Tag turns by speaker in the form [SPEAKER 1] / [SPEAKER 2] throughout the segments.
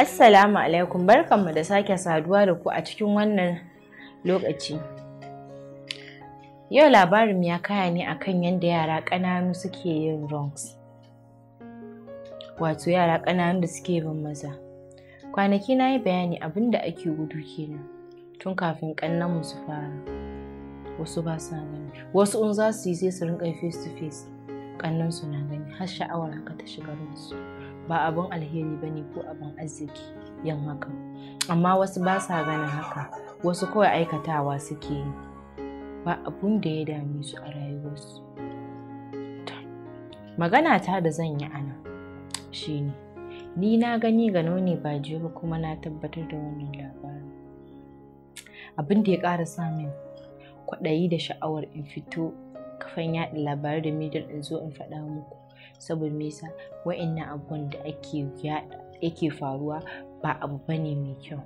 [SPEAKER 1] Assalamu alaikum barkanmu da sake saduwa da ku a cikin wannan lokaci. Yau labarin ya kaya ne a kan yadda yara ƙananu suke yin wrongs. Wato yara ƙananu da suke bin maza. Kwanaki na yi bayani abin da ake gudu kenan tun kafin ƙannan su fara. Wasu ba sa gani. Wasu in za su yi sai su rinƙa face to face. su na gani har sha'awar haka ta shiga su. ba abin alheri ba ne ko abin arziki yan haka amma wasu ba sa ganin haka wasu kawai aikatawa suke yi ba abun da ya dame su a rayuwarsu magana ta da zan yi ana shine ni na gani ga nuni ba jiyo kuma na tabbatar da wannan labarin abin da ya ƙara samun kwaɗayi da sha'awar in fito kafan yaɗa labarai da midar in zo in faɗa muku saboda me yasa wa'annan abun da ake yake faruwa ba abu bane mai kyau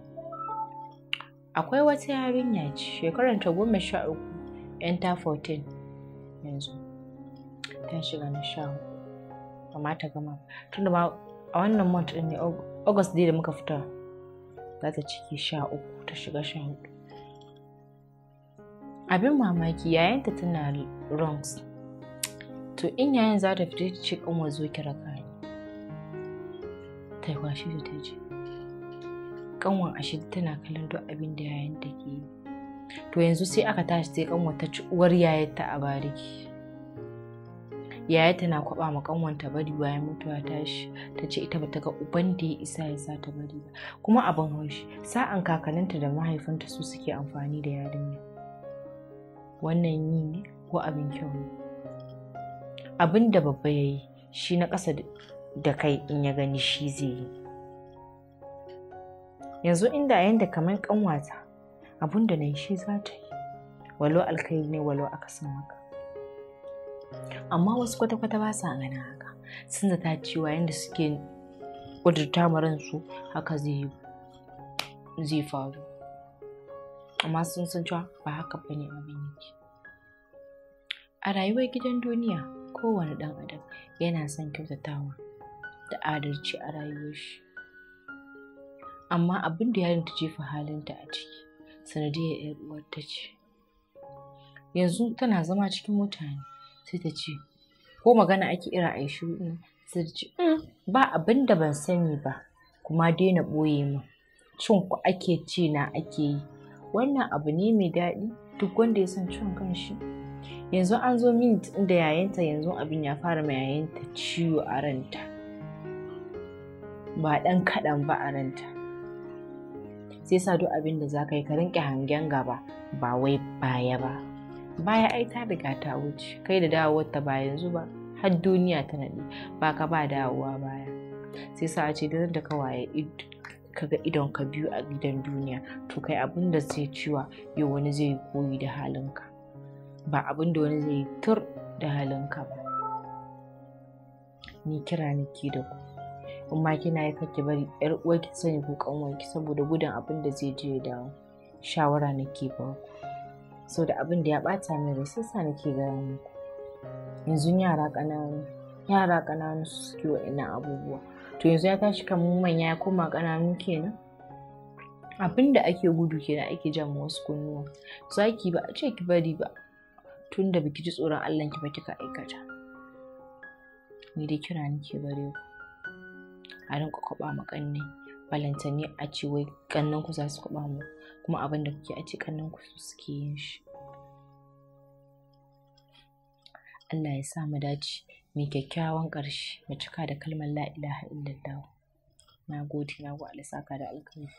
[SPEAKER 1] akwai wata yarinya ce ta goma sha uku yan ta 14 yanzu ta shiga na sha uku amma ta gama tunda ma a wannan month din ne august dai da muka fita za ta ciki sha uku ta shiga sha hudu abin mamaki ta tana rungs to in yayin za ta fita ce kanwa wazo ki raka ni ta yi da ta je kanwan ashe tana kallon duk abin da yayin ta ke yi to yanzu sai aka tashi sai kanwa ta ci uwar ta a bariki ta na kwaba ma ta bari bayan mutuwa tashi ta ce ita bata ga uban da ya isa ya sa ta bari ba kuma abin haushi sa'an kakanninta da mahaifinta su suke amfani da yarinya wannan yi ne ko abin kyau ne abin da babba ya yi shi na ƙasa da kai in ya gani shi zai yi yanzu inda yanda kamar ƙanwata abin da na shi za ta yi walo alkhairi ne walo akasin haka amma wasu kwata-kwata ba sa gana haka sun zata cewa yadda suke ƙudurta maransu haka zai faru amma sun san cewa ba haka bane abin yake a rayuwar gidan duniya kowane ɗan adam yana son kyautatawa da adalci a rayuwar amma abin da yarin ta jefa halinta a ciki sanadiyar yar uwarta ce yanzu tana zama cikin mutane sai ta ce ko magana ake ira a yi sai ta ce mm, ba abin da ban sani ba kuma daina ɓoye min cin ku ake ce na ake yi wannan abu ne mai daɗi duk wanda ya san cin kanshi yanzu an zo min ɗin da yayanta yanzu abin ya fara ma yayanta ciwo a ranta ba dan kaɗan ba a ranta sai sa duk abin da za ka yi ka rinƙe hangen gaba ba wai baya ba baya ai ta riga ta wuce kai da dawowar ta ba yanzu ba har duniya ta naɗi ba ka ba dawowa baya sai sa ce da da ka waye kaga idon ka biyu a gidan duniya to kai abin da zai ciwa yau wani zai koyi da halinka ba abin da wani zai tur da halinka ba ni kira niki da ku in ma kina yi kake bari yar uwarki sani ko kanwarki saboda gudun abin da zai je da shawara nake ba ku saboda abin da ya bata min rai sai sa nake gaya muku yanzu yara kananu yara kananu su suke wa'annan abubuwa to yanzu ya tashi kan manya ya koma kananu kenan abin da ake gudu kenan ake jan wasu kunnuwa za ki ba a ce ki bari ba tun da biki ji tsoron Allah ki ba kika aikata ni dai kira nake bare ku a rinka kwaba ma kanne balantane a ce wai kannan ku za su kwaba mu kuma abin da kuke a ce kannan ku su suke yin shi Allah ya sa mu dace mai kyakkyawan ƙarshe mu cika da kalmar la ilaha illallah na gode na Allah da alkhairi